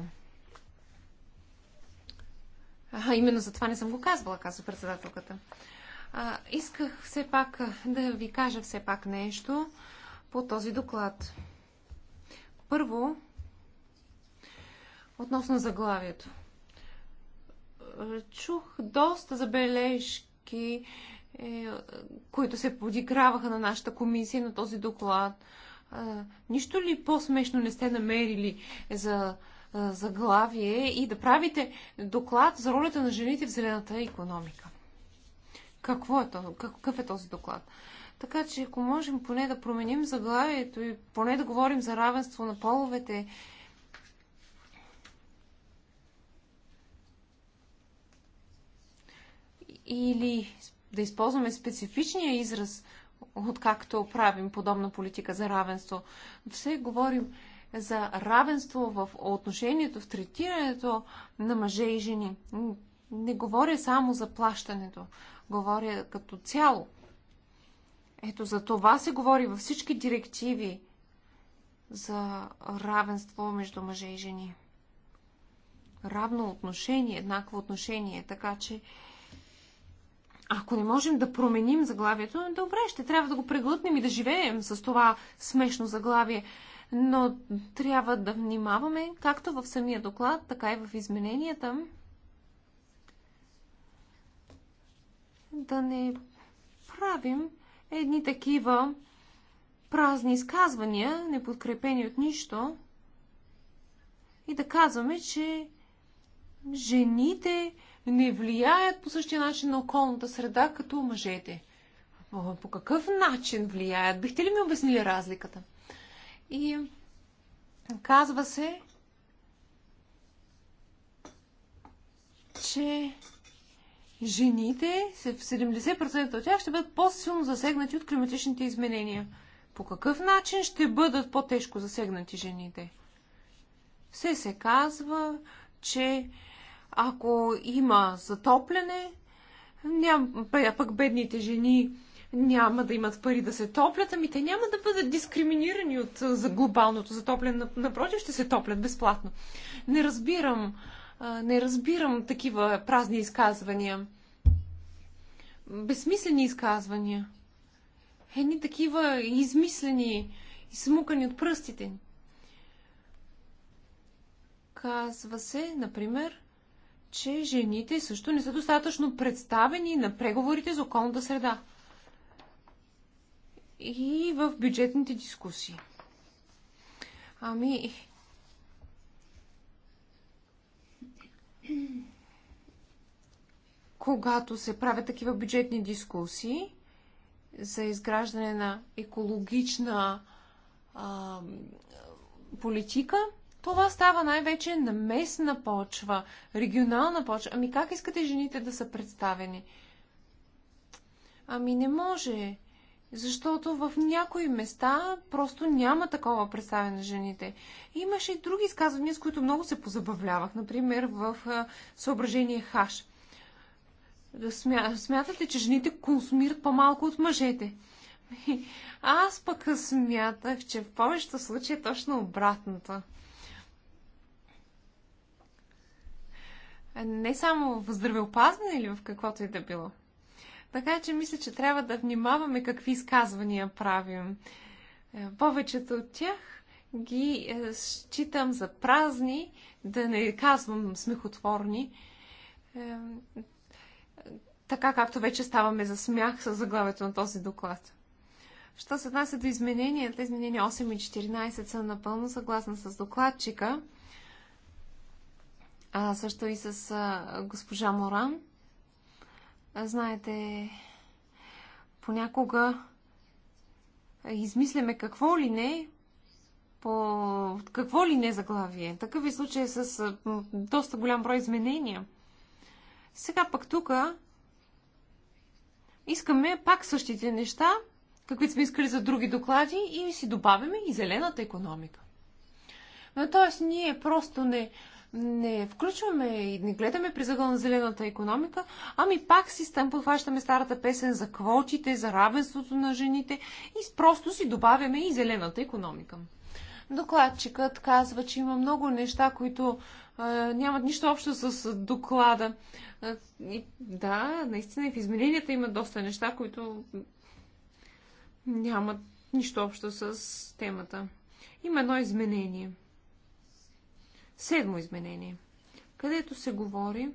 А, именно за това не съм го казвала, каза председателката. А, исках все пак да ви кажа все пак нещо по този доклад. Първо, относно заглавието. Чух доста забележки, е, които се подиграваха на нашата комисия, на този доклад. Нищо ли по-смешно не сте намерили за заглавие и да правите доклад за ролята на жените в зелената економика. Какво е то. какъв е този доклад? Така че, ако можем поне да променим заглавието и поне да говорим за равенство на половете, или да използваме специфичния израз, откакто правим подобна политика за равенство. Все говорим за равенство в отношението, в третирането на мъже и жени. Не говоря само за плащането, говоря като цяло. Ето за това се говори във всички директиви за равенство между мъже и жени. Равно отношение, еднакво отношение, така че ако не можем да променим заглавието, добре, ще трябва да го преглътнем и да живеем с това смешно заглавие но трябва да внимаваме както в самия доклад, така и в измененията да не правим едни такива празни изказвания, неподкрепени от нищо, и да казваме, че жените не влияят по същия начин на околната среда, като мъжете. по какъв начин влияят? Бихте ли ми обяснили разликата? И казва се, че жените, в 70% от тях ще бъдат по-силно засегнати от климатичните изменения. По какъв начин ще бъдат по-тежко засегнати жените? Все се казва, че ако има затопляне, няма, пък бедните жени няма да имат пари да се топлят, ами те няма да бъдат дискриминирани от за глобалното затопляне. Напротив, ще се топлят безплатно. Не разбирам, не разбирам такива празни изказвания. Безсмислени изказвания. Едни такива измислени, и смукани от пръстите ни. Казва се, например, че жените също не са достатъчно представени на преговорите за околната среда и в бюджетните дискусии. Ами. Когато се правят такива бюджетни дискусии за изграждане на екологична а, политика, това става най-вече на местна почва, регионална почва. Ами как искате жените да са представени? Ами не може защото в някои места просто няма такова представяне на жените. Имаше и други изказвания, с които много се позабавлявах. Например, в съображение Хаш. Смятате, че жените консумират по-малко от мъжете. *laughs* Аз пък смятах, че в повечето случаи е точно обратното. Не само в здравеопазване или в каквото и да било. Така че мисля, че трябва да внимаваме какви изказвания правим. Е, повечето от тях ги е, считам за празни, да не казвам смехотворни, е, така както вече ставаме за смях с заглавието на този доклад. Що се отнася до измененията, изменения 8 и 14 са напълно съгласна с докладчика, а също и с госпожа Моран. Знаете, понякога измисляме какво ли не, по какво ли не заглавие. Такъв е случай с доста голям брой изменения. Сега пък тук искаме пак същите неща, каквито сме искали за други доклади и си добавяме и зелената економика. Но т.е. ние просто не не включваме и не гледаме при загъл на зелената економика, ами пак си стъм подхващаме старата песен за квотите, за равенството на жените и просто си добавяме и зелената економика. Докладчикът казва, че има много неща, които а, нямат нищо общо с доклада. А, и, да, наистина и в измененията има доста неща, които нямат нищо общо с темата. Има едно изменение – Седмо изменение, където се говори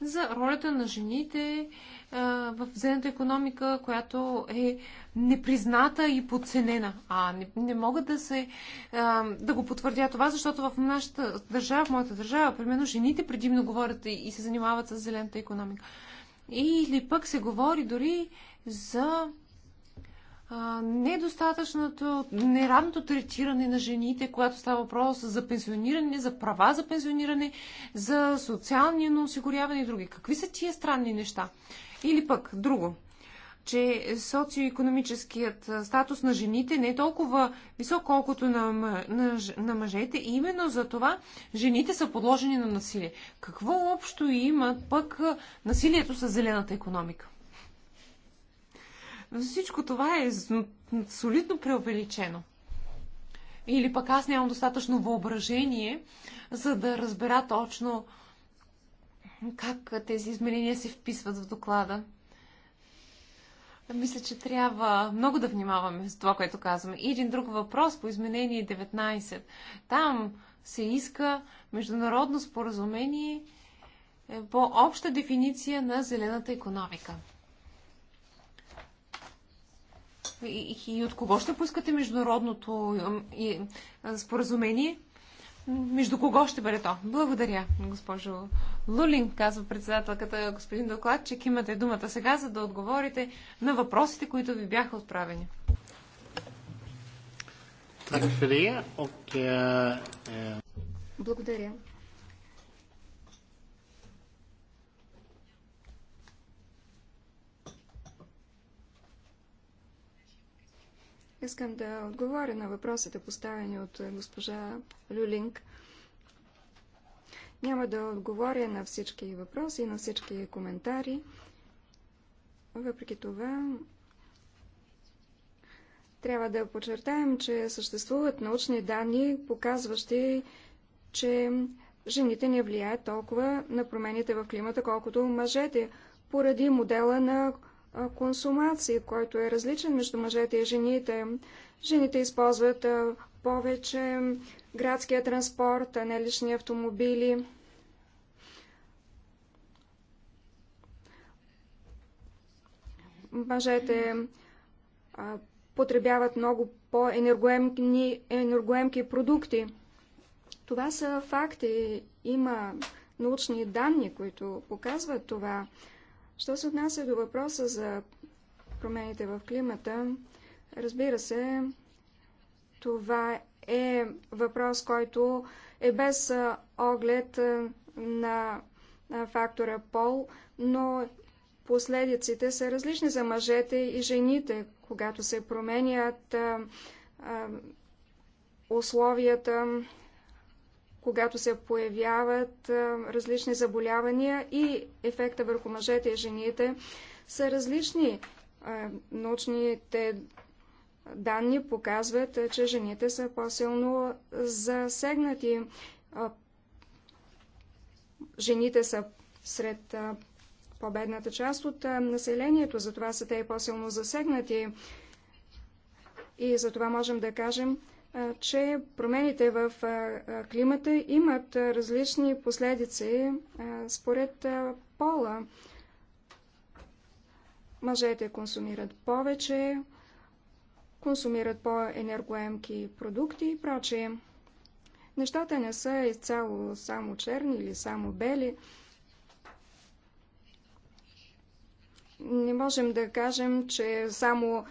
за ролята на жените в зелената економика, която е непризната и подценена. А не, не мога да се а, да го потвърдя това, защото в нашата държава, в моята държава, примерно жените предимно говорят и се занимават с зелената економика. Или пък се говори дори за недостатъчното, неравното третиране на жените, когато става въпрос за пенсиониране, за права за пенсиониране, за социални осигуряване и други. Какви са тия странни неща? Или пък друго, че социоекономическият статус на жените не е толкова висок, колкото на, на, на мъжете. И именно за това жените са подложени на насилие. Какво общо има пък насилието с зелената економика? Всичко това е солидно преувеличено. Или пък аз нямам достатъчно въображение, за да разбера точно как тези изменения се вписват в доклада. Мисля, че трябва много да внимаваме с това, което казваме. И един друг въпрос по изменение 19. Там се иска международно споразумение е, по обща дефиниция на зелената економика и, и от кого ще поискате международното и, споразумение? Между кого ще бъде то? Благодаря, госпожо Лулин, казва председателката. Господин докладчик, имате думата сега, за да отговорите на въпросите, които ви бяха отправени. Eh, eh. Благодаря. Искам да отговоря на въпросите, поставени от е, госпожа Люлинг. Няма да отговоря на всички въпроси на всички коментари. Въпреки това, трябва да подчертаем, че съществуват научни данни, показващи, че жените не влияят толкова на промените в климата, колкото мъжете, поради модела на консумации, който е различен между мъжете и жените. Жените използват повече градския транспорт, а не лични автомобили. Мъжете потребяват много по-енергоемки продукти. Това са факти. Има научни данни, които показват това. Що се отнася до въпроса за промените в климата, разбира се, това е въпрос, който е без оглед на фактора пол, но последиците са различни за мъжете и жените, когато се променят условията когато се появяват различни заболявания и ефекта върху мъжете и жените, са различни. Научните данни показват, че жените са по-силно засегнати. Жените са сред победната част от населението, затова са те по-силно засегнати. И затова можем да кажем, че промените в климата имат различни последици според пола. Мъжете консумират повече, консумират по-енергоемки продукти и прочее. Нещата не са изцяло само черни или само бели. Не можем да кажем, че само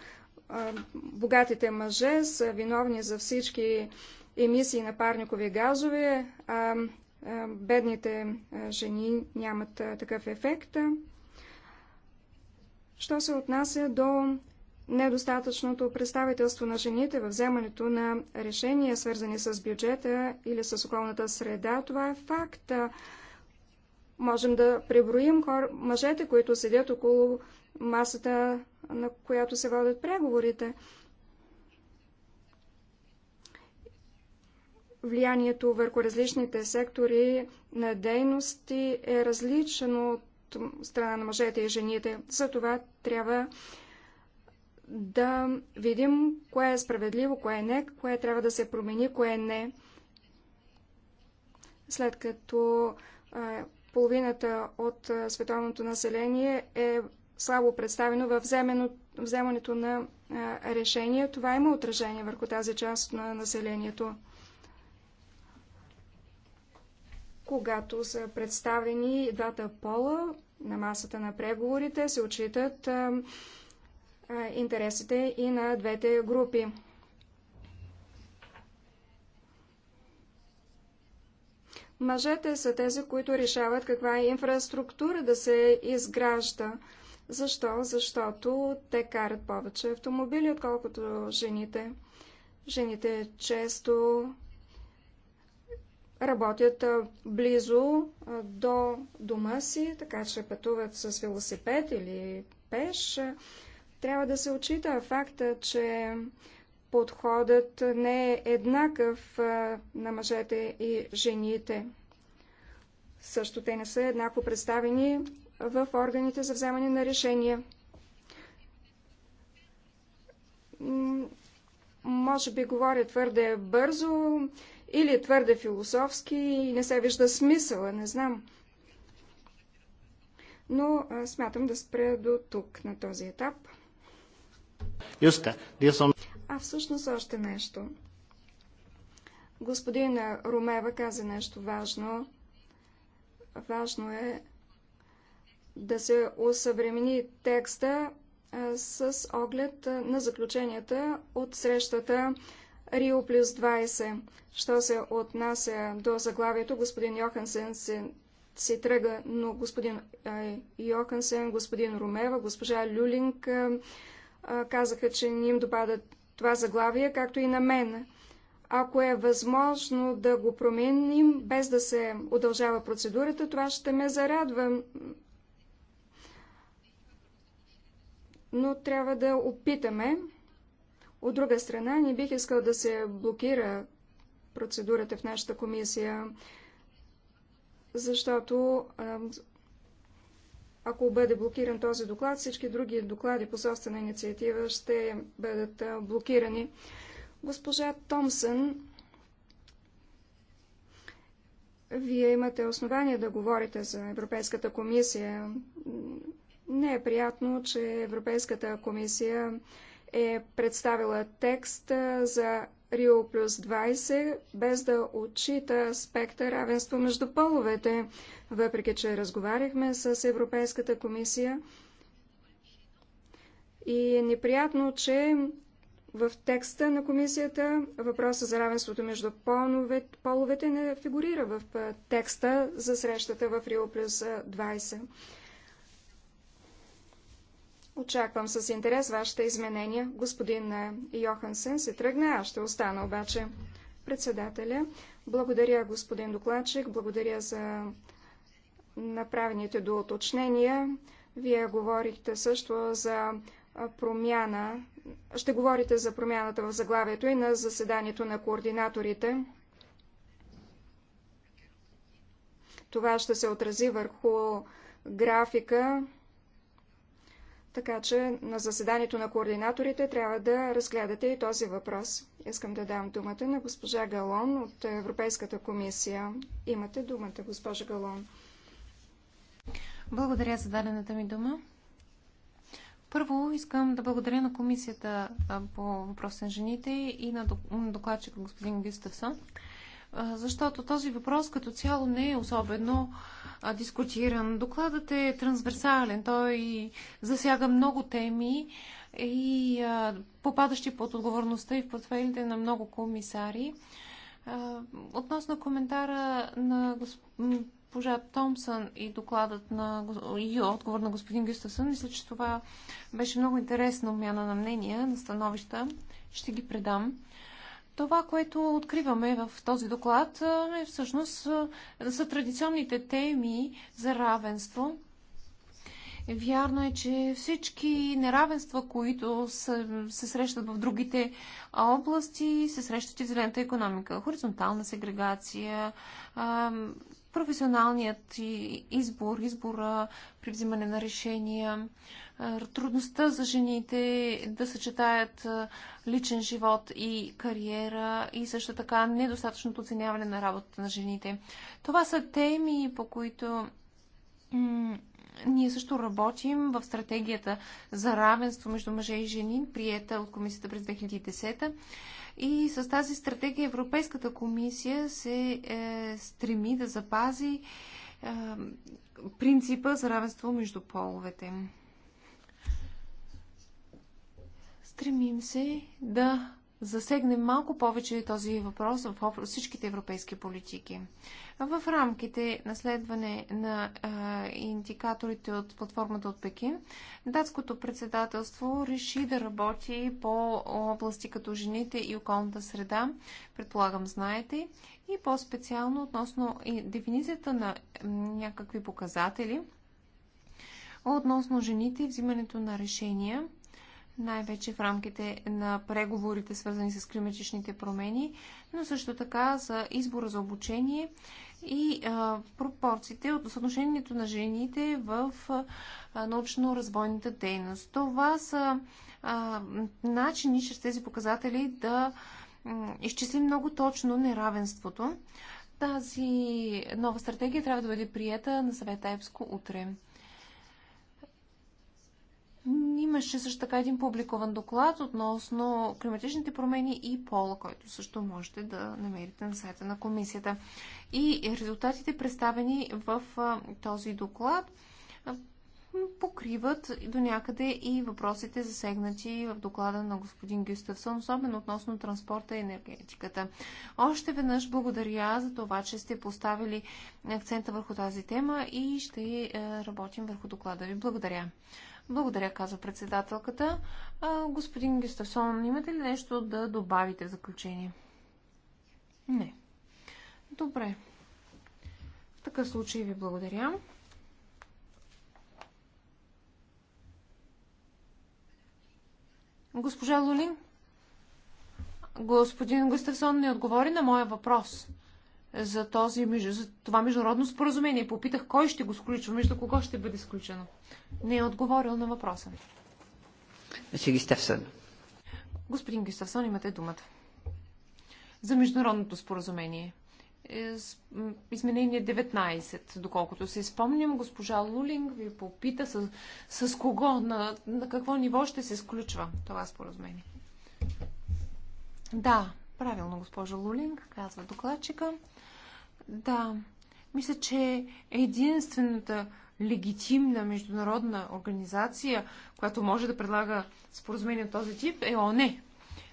богатите мъже са виновни за всички емисии на парникови газове, а бедните жени нямат такъв ефект. Що се отнася до недостатъчното представителство на жените във вземането на решения, свързани с бюджета или с околната среда, това е факт. Можем да преброим мъжете, които седят около масата, на която се водят преговорите. Влиянието върху различните сектори на дейности е различно от страна на мъжете и жените. За това трябва да видим кое е справедливо, кое е не, кое трябва да се промени, кое не. След като половината от световното население е слабо представено в вземането на решение, това има отражение върху тази част на населението. Когато са представени двата пола на масата на преговорите, се отчитат интересите и на двете групи. Мъжете са тези, които решават каква е инфраструктура да се изгражда – защо? Защото те карат повече автомобили, отколкото жените. Жените често работят близо до дома си, така че пътуват с велосипед или пеш. Трябва да се отчита факта, че подходът не е еднакъв на мъжете и жените. Също те не са еднакво представени в органите за вземане на решения. Може би говоря твърде бързо или твърде философски и не се вижда смисъла, не знам. Но а, смятам да спря до тук, на този етап. Юста, А всъщност още нещо. Господин Румева каза нещо важно. Важно е да се усъвремени текста с оглед на заключенията от срещата Рио плюс 20. Що се отнася до заглавието, господин Йохансен се, се тръга, но господин е, Йохансен, господин Румева, госпожа Люлинг казаха, че не им допада това заглавие, както и на мен. Ако е възможно да го променим, без да се удължава процедурата, това ще ме зарадва. но трябва да опитаме. От друга страна, не бих искал да се блокира процедурата в нашата комисия, защото ако бъде блокиран този доклад, всички други доклади по собствена инициатива ще бъдат блокирани. Госпожа Томсън, вие имате основание да говорите за Европейската комисия. Не е приятно, че Европейската комисия е представила текст за Рио плюс 20, без да отчита аспекта равенство между половете. Въпреки, че разговаряхме с Европейската комисия, и е неприятно, че в текста на комисията въпроса за равенството между половете не фигурира в текста за срещата в Рио плюс 20. Очаквам с интерес вашите изменения. Господин е, Йохансен се тръгна, аз ще остана обаче. Председателя, благодаря господин докладчик, благодаря за направените до уточнения. Вие говорихте също за промяна. Ще говорите за промяната в заглавието и на заседанието на координаторите. Това ще се отрази върху графика така че на заседанието на координаторите трябва да разгледате и този въпрос. Искам да дам думата на госпожа Галон от Европейската комисия. Имате думата, госпожа Галон. Благодаря за дадената ми дума. Първо искам да благодаря на комисията по въпроса на жените и на докладчика господин Гюстафсон защото този въпрос като цяло не е особено дискутиран. Докладът е трансверсален, той засяга много теми и попадащи под отговорността и в портфелите на много комисари. Относно коментара на госпожа Томсън и докладът на и отговор на господин Гюстасън, мисля, че това беше много интересна обмяна на мнения, на становища. Ще ги предам. Това, което откриваме в този доклад е, е всъщност е, са традиционните теми за равенство. Вярно е, че всички неравенства, които са, се срещат в другите области, се срещат и в зелената економика. Хоризонтална сегрегация, професионалният избор, избора при взимане на решения, трудността за жените да съчетаят личен живот и кариера и също така недостатъчното оценяване на работата на жените. Това са теми, по които ние също работим в стратегията за равенство между мъже и жени, приета от комисията през 2010. И с тази стратегия Европейската комисия се е, стреми да запази е, принципа за равенство между половете. Стремим се да засегнем малко повече този въпрос в всичките европейски политики в рамките на следване на а, индикаторите от платформата от Пекин, датското председателство реши да работи по области като жените и околната среда, предполагам знаете, и по-специално относно дефиницията на някакви показатели, относно жените и взимането на решения – най-вече в рамките на преговорите, свързани с климатичните промени, но също така за избора за обучение и а, пропорциите от съотношението на жените в научно-разбойната дейност. Това са а, начини чрез тези показатели да изчислим много точно неравенството. Тази нова стратегия трябва да бъде прията на съвета ЕПСКО утре. Имаше също така един публикуван доклад относно климатичните промени и пола, който също можете да намерите на сайта на комисията. И резултатите, представени в този доклад, покриват до някъде и въпросите засегнати в доклада на господин Гюставсън, особено относно транспорта и енергетиката. Още веднъж благодаря за това, че сте поставили акцента върху тази тема и ще е, работим върху доклада ви. Благодаря. Благодаря, казва председателката. господин Гестасон, имате ли нещо да добавите в заключение? Не. Добре. В такъв случай ви благодаря. Госпожа Лулин, господин Гестасон не отговори на моя въпрос за, този, за това международно споразумение. Попитах кой ще го сключва, между кого ще бъде сключено. Не е отговорил на въпроса. Значи, Гистевсън. Господин Гистевсон, имате думата. За международното споразумение. Е, изменение 19, доколкото се спомням, госпожа Лулинг ви попита с, с кого, на, на какво ниво ще се сключва това споразумение. Да, правилно, госпожа Лулинг, казва докладчика. Да, мисля, че единствената легитимна международна организация, която може да предлага споразумение от този тип, е ОНЕ.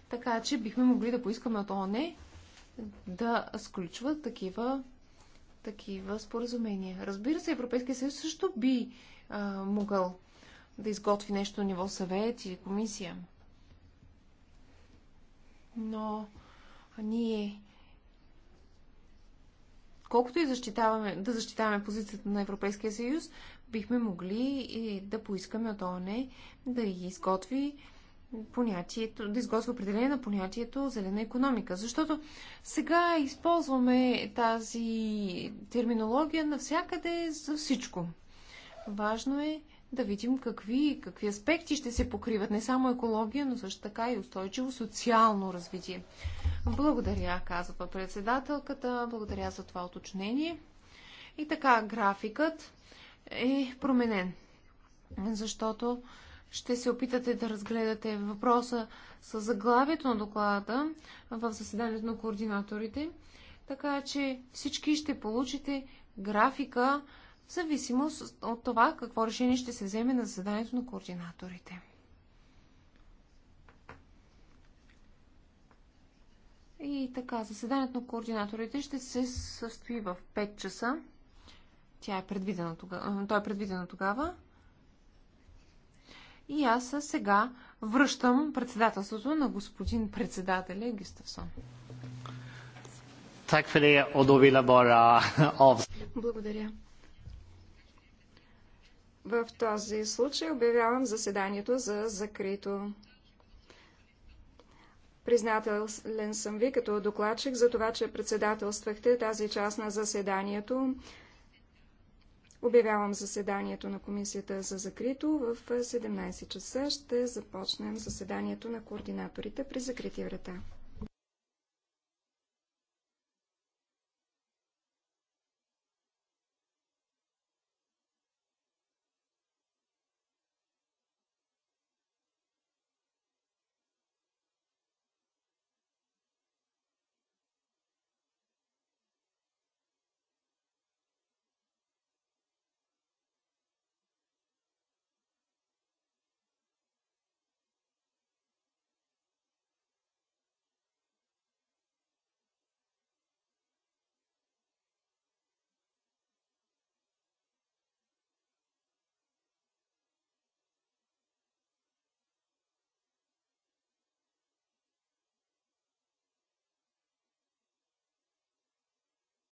Така че бихме могли да поискаме от ОНЕ да сключва такива, такива споразумения. Разбира се, Европейския съюз също би а, могъл да изготви нещо на ниво съвет или комисия. Но ние колкото и защитаваме, да защитаваме позицията на Европейския съюз, бихме могли и да поискаме от ООН да изготви понятието, да изготви определение на понятието зелена економика. Защото сега използваме тази терминология навсякъде за всичко. Важно е да видим какви, какви аспекти ще се покриват. Не само екология, но също така и устойчиво социално развитие. Благодаря, казва председателката. Благодаря за това уточнение. И така, графикът е променен, защото ще се опитате да разгледате въпроса с заглавието на доклада в заседанието на координаторите, така че всички ще получите графика в зависимост от това какво решение ще се вземе на заседанието на координаторите. И така, заседанието на координаторите ще се състои в 5 часа. Тя е предвидена тогава. Той е предвидено тогава. И аз сега връщам председателството на господин председателя Гиставсон. Благодаря. В този случай обявявам заседанието за закрито. Признателен съм ви като докладчик за това, че председателствахте тази част на заседанието. Обявявам заседанието на комисията за закрито. В 17 часа ще започнем заседанието на координаторите при закрити врата.